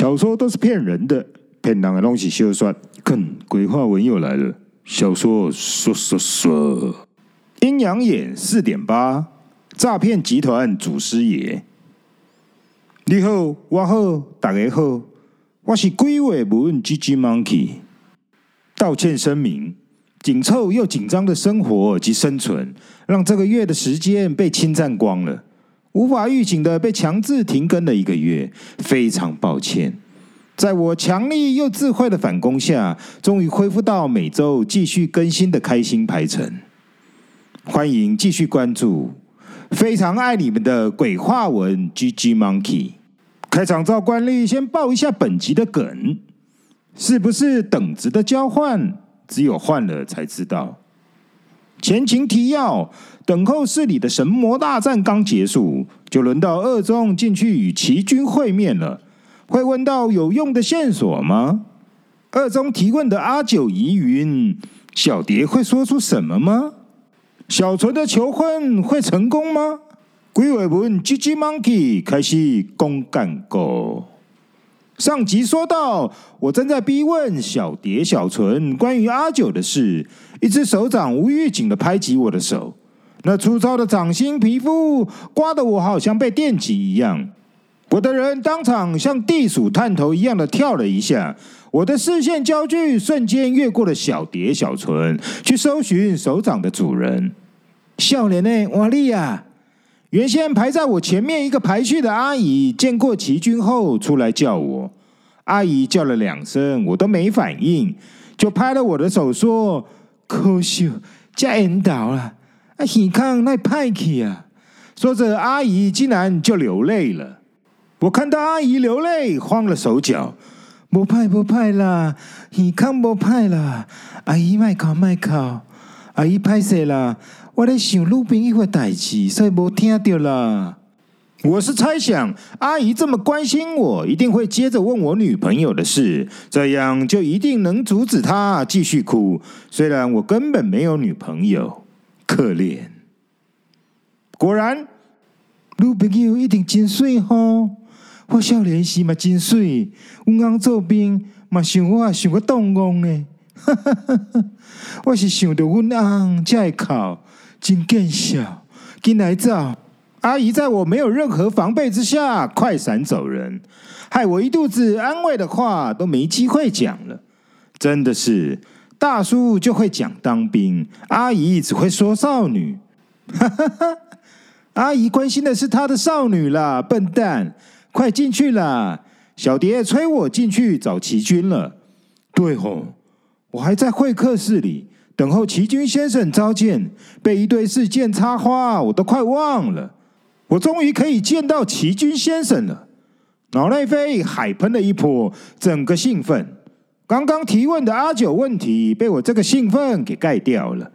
小說都是騙人的，騙人的東西就算，看鬼話文又來了，小說說說說，陰陽眼四點八，詐騙集團祖師爺。你好，我好，大家好，我是鬼話文 GG Monkey。道歉聲明：緊湊又緊張的生活及生存，讓這個月的時間被侵占光了，無法預警的被強制停更了一個月，非常抱歉。在我強力又智慧的反攻下，終於恢復到每周繼續更新的開心排程。歡迎繼續關注，非常愛你們的鬼話文 GG Monkey。開場照慣例，先報一下本集的梗：是不是等值的交換？只有換了才知道。前情提要：等候室裡的神魔大戰剛結束，就輪到二中進去與奇君會面了。會問到有用的線索嗎？二中提問的阿九疑雲，小蝶會說出什麼嗎？小純的求婚會成功嗎？鬼話文 GGmonkey 開始公幹歌。上集說到，我正在逼問小蝶、小純關於阿九的事，一隻手掌無預警的拍擊我的手，那粗糙的掌心皮膚刮得我好像被電擊一樣。我的人當場像地鼠探頭一樣的跳了一下，我的視線焦距瞬間越過了小蝶、小純，去搜尋手掌的主人。笑臉呢，瓦利亞。原先排在我前面一個排序的阿姨，見過奇君後出來叫我。阿姨叫了兩聲，我都沒反應，就拍了我的手說：“可惜，再遇到啦，阿喜康那派克啊。啊”啊說着，阿姨竟然就流淚了。我看到阿姨流淚，慌了手腳。不派不派啦？你看不派啦？阿姨麥哭麥哭。阿姨拍謝啦，我在想女朋友的代誌，所以沒聽到啦。我是猜想，阿姨這麼關心我，一定會接着問我女朋友的事，這樣就一定能阻止她繼續哭。雖然我根本沒有女朋友，可憐。果然，女朋友一定真水吼。我少年時嘛真水，阮公做兵也想我啊想個當戇，我是想着阮公在考，真更笑。進來找阿姨，在我沒有任何防備之下，快閃走人，害我一肚子安慰的話都沒機會講了。真的是，大叔就會講當兵，阿姨只會說少女。 阿姨關心的是她的少女啦，笨蛋。快進去啦，小蝶催我進去找奇君了。對吼、哦，我還在會客室裡等候奇君先生召見，被一堆事件插花，我都快忘了。我終於可以見到奇君先生了，腦內飛海噴了一潑，整個興奮。剛剛提問的阿九問題被我這個興奮給蓋掉了。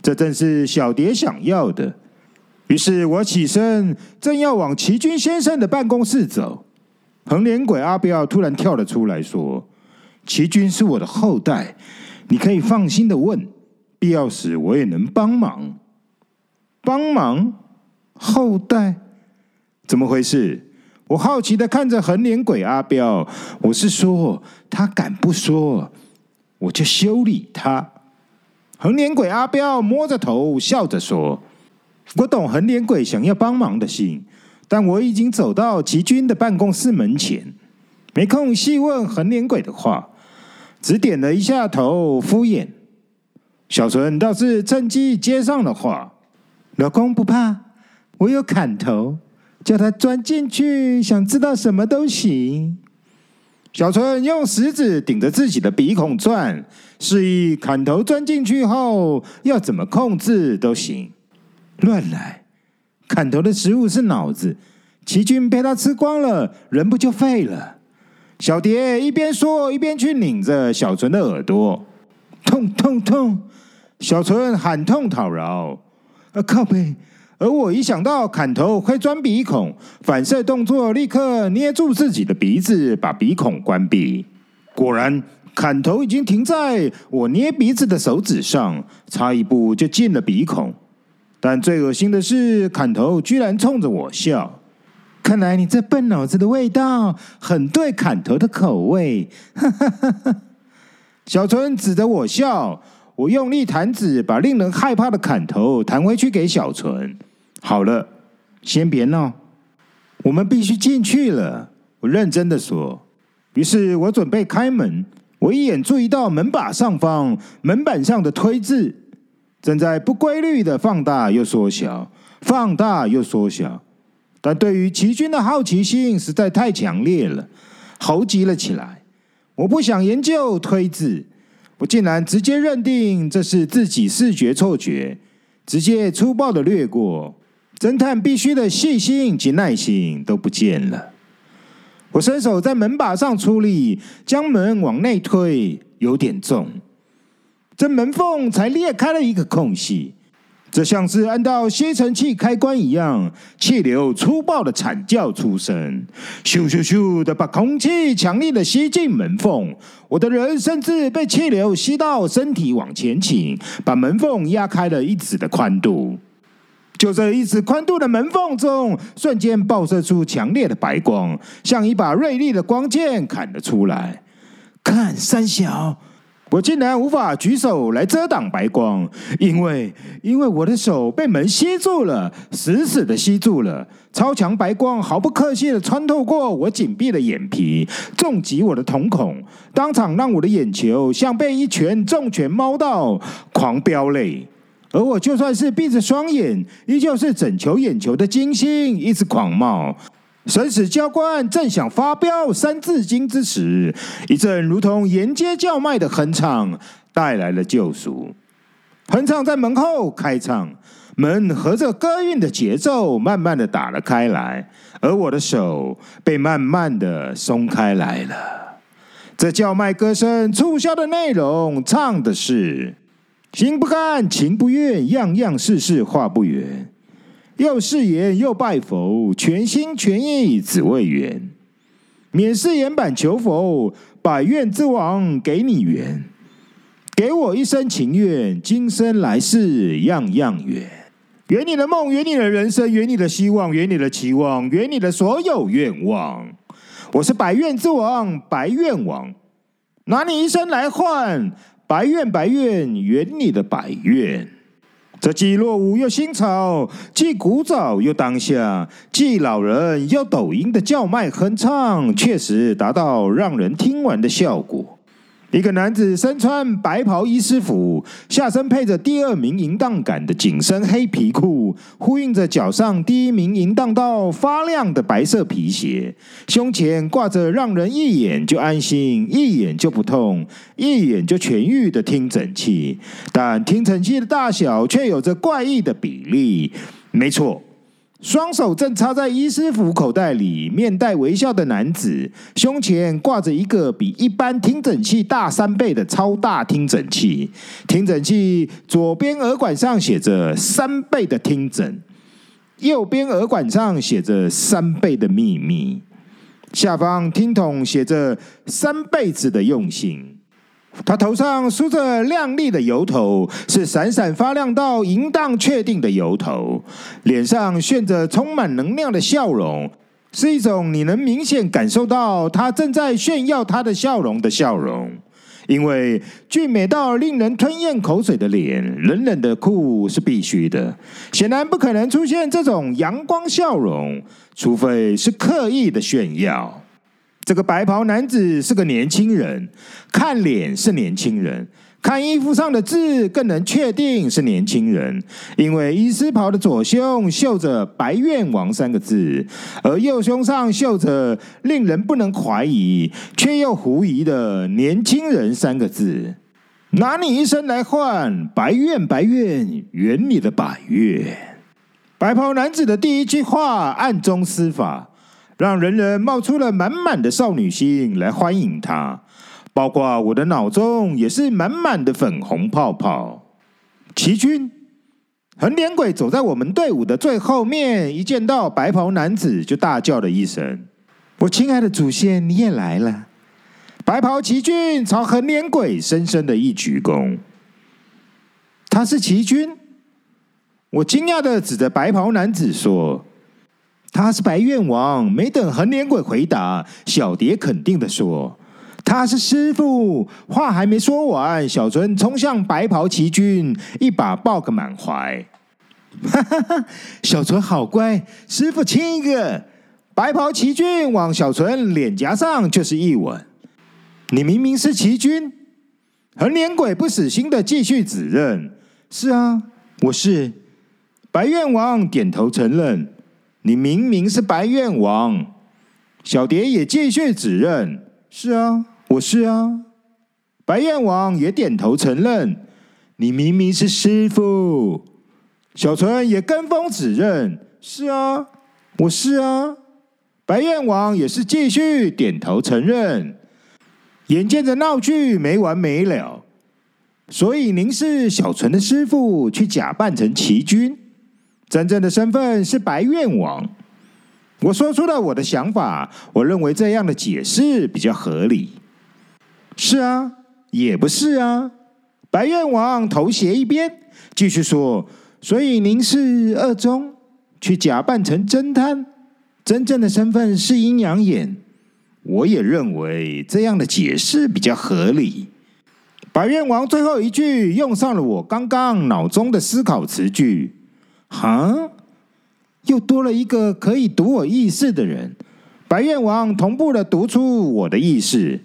這正是小蝶想要的。於是我起身，正要往奇君先生的辦公室走，橫臉鬼阿彪突然跳了出來，說：“奇君是我的後代，你可以放心的問，必要時我也能幫忙。”幫忙？後代？怎麼回事？我好奇的看着橫臉鬼阿彪。我是說，他敢不說，我就修理他。橫臉鬼阿彪摸着頭，笑着說。我懂橫臉鬼想要幫忙的心，但我已經走到奇君的辦公室門前，沒空細問橫臉鬼的話，只點了一下頭敷衍。小春倒是趁機接上了話：“老公不怕，我有砍頭，叫他鑽進去，想知道什麼都行。”小春用食指頂着自己的鼻孔鑽，示意砍頭鑽進去後要怎麼控制都行。亂來！砍頭的食物是腦子，奇君被他吃光了，人不就廢了？小蝶一邊說一邊去擰着小純的耳朵，痛痛痛！小純喊痛討饒，啊、呃、靠北！而我一想到砍頭會鑽鼻孔，反射動作立刻捏住自己的鼻子，把鼻孔關閉。果然，砍頭已經停在我捏鼻子的手指上，差一步就進了鼻孔。但最噁心的是，砍頭居然衝着我笑。看來你這笨腦子的味道很對砍頭的口味。 小純指着我笑，我用力彈指，把令人害怕的砍頭彈回去給小純。好了，先別鬧，我們必須進去了。我認真的說。於是我準備開門，我一眼注意到門把上方門板上的推“推”字。正在不規律的放大又縮小，放大又縮小，但對於奇君的好奇心實在太強烈了，猴急了起來。我不想研究推字，我竟然直接認定這是自己視覺錯覺，直接粗暴的掠過。偵探必須的細心及耐心都不見了。我伸手在門把上出力，將門往內推，有點重。這門縫才裂開了一個空隙，這像是按到吸塵器開關一樣，氣流粗暴的慘叫出聲，咻咻咻的把空氣強力的吸進門縫，我的人甚至被氣流吸到身體往前傾，把門縫壓開了一指的寬度。就在一指寬度的門縫中，瞬間爆射出強烈的白光，像一把銳利的光劍砍了出來。看，三小我竟然無法舉手來遮擋白光，因為因為我的手被門吸住了，死死的吸住了。超強白光毫不客氣地穿透過我緊閉的眼皮，重擊我的瞳孔，當場讓我的眼球像被一拳重拳貓到，狂飆淚。而我就算是閉着雙眼，依舊是整球眼球的金星一直狂冒。神使教官正想發飆，三字經之時，一陣如同沿街叫賣的哼唱帶來了救贖。哼唱在門後開唱，門合着歌韻的節奏，慢慢的打了開來，而我的手被慢慢的鬆開來了。這叫賣歌聲促銷的內容，唱的是：心不甘，情不願，樣樣事事畫不圓。又誓言又拜佛，全心全意只為緣。免誓言版求佛，百願之王給你緣，給我一生情願，今生來世樣樣圓。圓你的夢，圓你的人生，圓你的希望，圓你的期望，圓你的所有願望。我是百願之王，百願王，拿你一生來換，百願百願，圓你的百願。這既落伍又新潮，既古早又當下，既老人又抖音的叫賣哼唱，確實達到讓人聽完的效果。一個男子身穿白袍醫師服，下身配着第二名淫蕩感的緊身黑皮褲，呼應着腳上第一名淫蕩到發亮的白色皮鞋，胸前掛着讓人一眼就安心、一眼就不痛、一眼就痊癒的聽診器，但聽診器的大小却有着怪異的比例。沒錯。雙手正插在醫師服口袋裡，面帶微笑的男子胸前掛着一個比一般聽診器大三倍的超大聽診器。聽診器左邊耳管上寫着“三倍的聽診”，右邊耳管上寫着“三倍的秘密”，下方聽筒寫着“三輩子的用心”。他頭上梳着亮麗的油頭，是閃閃發亮到淫蕩確定的油頭；臉上炫着充滿能量的笑容，是一種你能明顯感受到他正在炫耀他的笑容的笑容。因為俊美到令人吞咽口水的臉，冷冷的酷是必須的，顯然不可能出現這種陽光笑容，除非是刻意的炫耀。這個白袍男子是個年輕人，看臉是年輕人，看衣服上的字更能確定是年輕人，因為醫師袍的左胸繡着“白怨王”三個字，而右胸上繡着令人不能懷疑卻又狐疑的“年輕人”三個字。拿你一生來換白怨，白怨圓你的百月。白袍男子的第一句話，暗中施法。讓人人冒出了滿滿的少女心來歡迎他，包括我的腦中也是滿滿的粉紅泡泡。奇君，橫臉鬼走在我們隊伍的最後面，一見到白袍男子就大叫了一聲：“我親愛的祖先，你也來了！”白袍奇君朝橫臉鬼深深的一鞠躬。他是奇君，我驚訝的指着白袍男子說。他是白怨王。沒等橫臉鬼回答，小蝶肯定地說：“他是師傅。”話還沒說完，小純衝向白袍奇君，一把抱個滿懷。哈哈哈！小純好乖，師傅親一個。白袍奇君往小純臉頰上就是一吻。你明明是奇君！橫臉鬼不死心地繼續指認：“是啊，我是。”白怨王點頭承認。你明明是白燕王。小蝶也繼續指認。是啊，我是啊。白燕王也點頭承認。你明明是師傅。小純也跟風指認。是啊，我是啊。白燕王也是繼續點頭承認。眼見着鬧劇沒完沒了，所以您是小純的師傅，去假扮成奇君，真正的身份是白怨王。我說出了我的想法，我認為這樣的解釋比較合理。是啊，也不是啊。白怨王頭斜一邊，繼續說：所以您是二中，去假扮成偵探，真正的身份是陰陽眼。我也認為這樣的解釋比較合理。白怨王最後一句用上了我剛剛腦中的思考詞句。哈、啊，又多了一個可以讀我意識的人，白願王同步的讀出我的意識。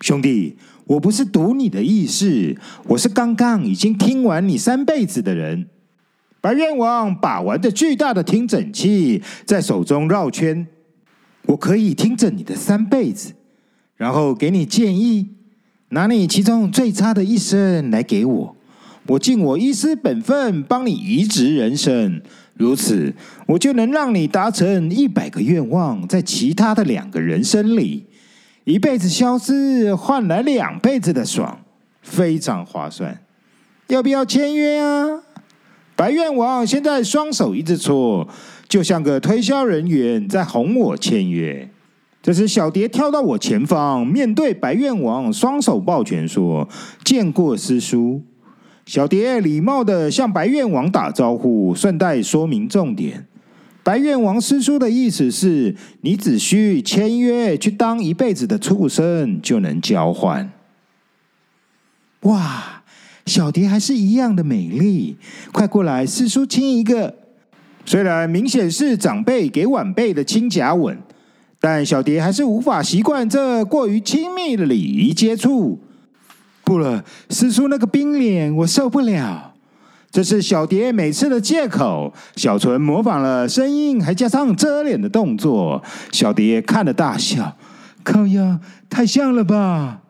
兄弟，我不是讀你的意識，我是剛剛已經聽完你三輩子的人。白願王把玩着巨大的聽診器，在手中繞圈。我可以聽着你的三輩子，然後給你建議，拿你其中最差的一生來給我。我盡我一絲本分，幫你移植人生，如此我就能讓你達成一百個願望，在其他的兩個人生裡，一輩子消失換來兩輩子的爽，非常划算。要不要簽約啊？白願王現在雙手一直搓，就像個推銷人員在哄我簽約。這時小蝶跳到我前方，面對白願王，雙手抱拳說：“見過師叔。”小蝶禮貌的向白怨王打招呼，順帶說明重點。白怨王師叔的意思是，你只需簽約去當一輩子的畜生，就能交換。哇，小蝶還是一樣的美麗，快過來師叔親一個。雖然明顯是長輩給晚輩的親頰吻，但小蝶還是無法習慣這過於親密的禮儀接觸。不了，使出那個冰臉，我受不了。這是小蝶每次的借口。小純模仿了聲音，還加上遮臉的動作。小蝶看了大笑，靠呀，太像了吧！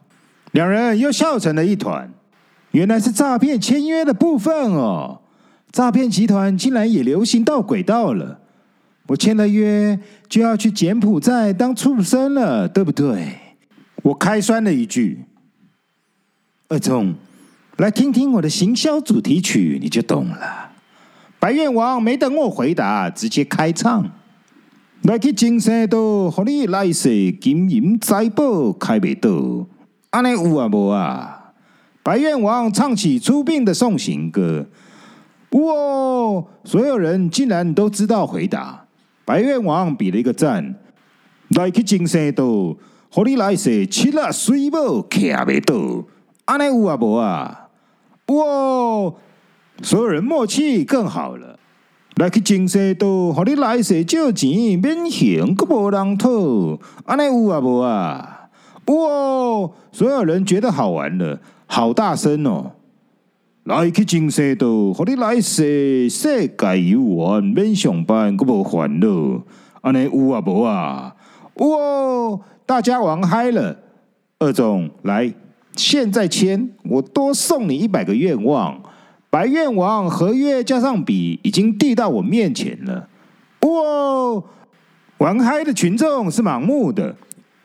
兩人又笑成了一團。原來是詐騙簽約的部分哦。詐騙集團竟然也流行到鬼道了。我簽了約，就要去柬埔寨當畜生了，對不對？我開酸了一句。二中，來聽聽我的行銷主題曲，你就懂了。白怨王沒等我回答，直接開唱。來去金山島，和你來世金銀財寶開未到，安尼有啊無啊？白怨王唱起出殯的送行歌。哇、哦！所有人竟然都知道回答。白怨王比了一個讚。來去金山島，和你來世七了水寶開未到。安尼有啊無啊？哇！所有人默契更好了。來去淨世道，和你來世借錢免還，佫無人討。安尼有啊無啊？哇！所有人覺得好玩了，好大聲哦！來去淨世道，和你來世世界遊玩免上班，佫無煩惱。安尼有啊無啊？哇！大家玩嗨了，二總來。現在簽，我多送你一百個願望。白願王合約加上筆已經遞到我面前了。不、哦，玩嗨的群眾是盲目的，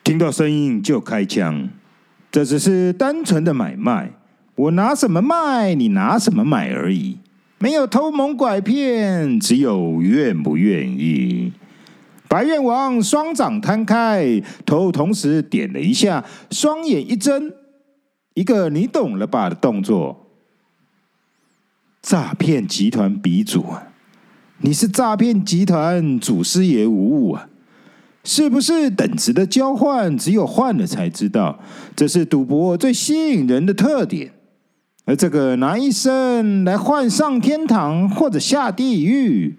聽到聲音就開槍。這只是單純的買賣，我拿什麼賣，你拿什麼買而已，沒有偷蒙拐騙，只有願不願意。白願王雙掌攤開，頭同時點了一下，雙眼一睜。一個你懂了吧的動作，詐騙集團鼻祖啊，你是詐騙集團祖師爺無誤啊！是不是等值的交換？只有換了才知道。這是賭博最吸引人的特點。而這個拿一生來換上天堂或者下地獄，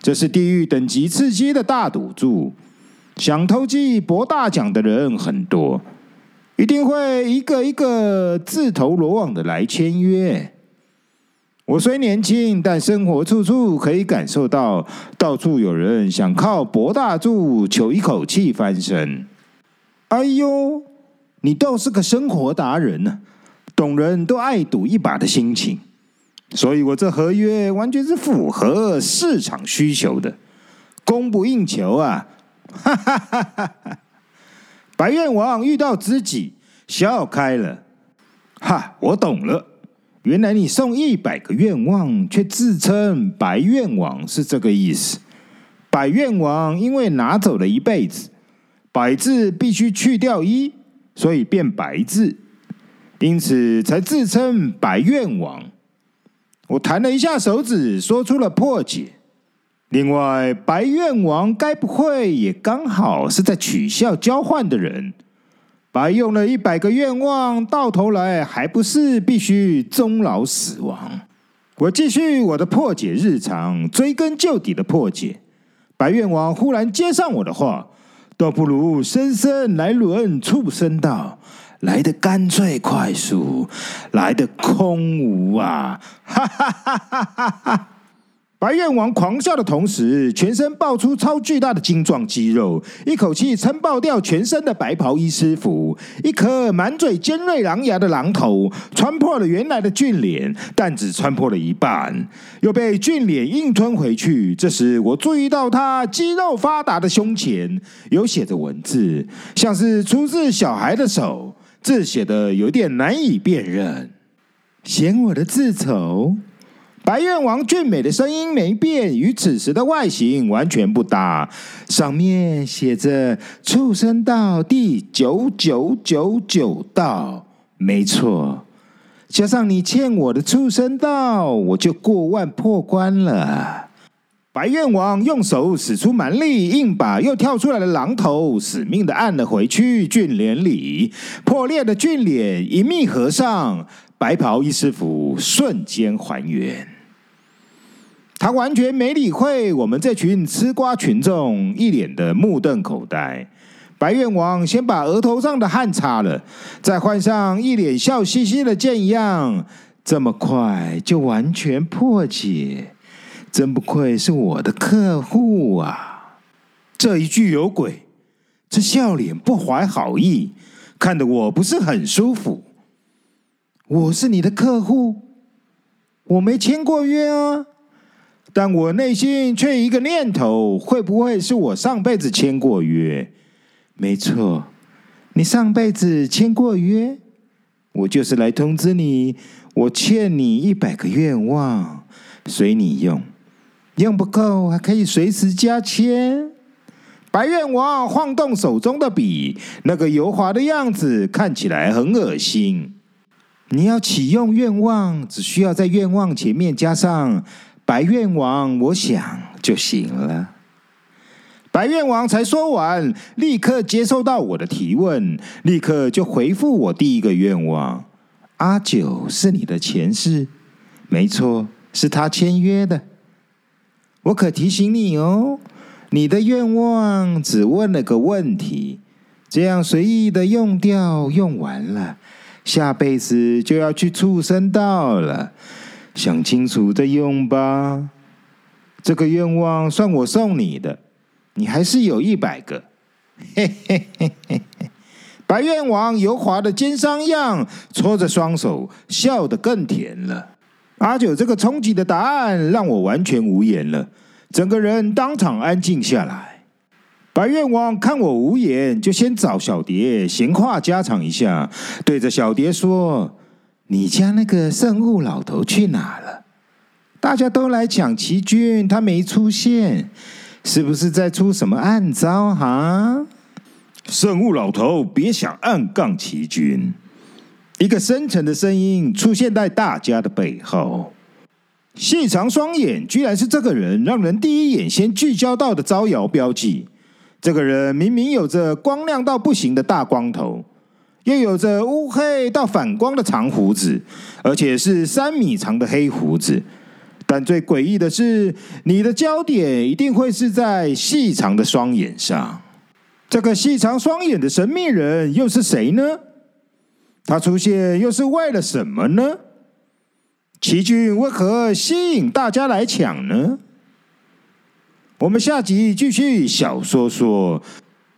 這是地獄等級刺激的大賭注。想偷雞博大獎的人很多。一定會一個一個自投羅網的來簽約。我雖年輕，但生活處處可以感受到，到處有人想靠博大注求一口氣翻身。哎呦，你倒是個生活達人呢，啊，懂人都愛賭一把的心情，所以我這合約完全是符合市場需求的，供不應求啊！哈哈哈哈哈。白願王遇到知己，笑開了。哈，我懂了，原來你送一百個願望，卻自稱白願王是這個意思。百願王因為拿走了一輩子“百”字，必須去掉“一”，所以變“白”字，因此才自稱白願王。我彈了一下手指，說出了破解。另外，白願王該不會也剛好是在取笑交換的人？白用了一百個願望，到頭來還不是必須終老死亡？我繼續我的破解日常，追根究底的破解。白願王忽然接上我的話：“倒不如生生來輪畜生道，來得乾脆快速，來得空無啊！”哈哈哈哈哈哈。白燕王狂笑的同時，全身爆出超巨大的精壯肌肉，一口氣撐爆掉全身的白袍醫師服。一顆滿嘴尖銳狼牙的狼頭穿破了原來的俊臉，但只穿破了一半，又被俊臉硬吞回去。這時，我注意到他肌肉發達的胸前有寫着文字，像是出自小孩的手，字寫得有點難以辨認，嫌我的字醜。白怨王俊美的聲音沒變，與此時的外形完全不搭。上面寫着“畜生道第九九九九道”，沒錯，加上你欠我的畜生道，我就過萬破關了。白怨王用手使出蠻力，硬把又跳出來的狼頭死命的按了回去。俊臉裡破裂的俊臉一密合上，白袍一師傅瞬間還原。他完全沒理會我們這群吃瓜群眾，一臉的目瞪口呆。白怨王先把額頭上的汗擦了，再換上一臉笑嘻嘻的賤樣，這麼快就完全破解，真不愧是我的客戶啊！這一句有鬼，這笑臉不懷好意，看得我不是很舒服。我是你的客戶，我沒簽過約啊。但我內心卻一個念頭：會不會是我上輩子签過約？沒錯，你上輩子签過約，我就是來通知你，我欠你一百個願望，隨你用，用不夠還可以隨時加签。白願王晃動手中的筆，那個油滑的樣子看起來很噁心。你要啟用願望，只需要在願望前面加上。白願王，我想就行了。白願王才說完，立刻接受到我的提問，立刻就回復我第一個願望：阿九是你的前世，沒錯，是他簽約的。我可提醒你哦，你的願望只問了個問題，這樣隨意的用掉，用完了，下輩子就要去畜生道了。想清楚再用吧，這個願望算我送你的，你還是有一百個。嘿嘿嘿嘿嘿，白願王油滑的奸商樣，搓着雙手笑得更甜了。阿九這個衝擊的答案讓我完全無言了，整個人當場安靜下來。白願王看我無言，就先找小蝶閒話家常一下，對着小蝶說。你家那個聖物老頭去哪了？大家都來搶奇君，他沒出現，是不是在出什麼暗招哈？聖物老頭，別想暗槓奇君！一個深沉的聲音出現在大家的背後，細長雙眼，居然是這個人，讓人第一眼先聚焦到的招搖標記。這個人明明有着光亮到不行的大光頭。又有着烏黑到反光的長鬍子，而且是三米長的黑鬍子。但最詭異的是，你的焦點一定會是在細長的雙眼上。這個細長雙眼的神秘人又是誰呢？他出現又是為了什麼呢？奇君為何吸引大家來搶呢？我們下集繼續小說說。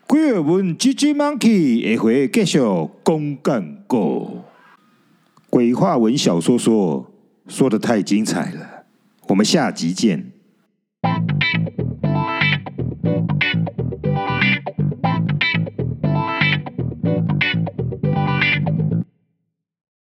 鬼話文 G G Monkey 下回繼續講公干哥。鬼話文小說說說得太精彩了，我們下集見。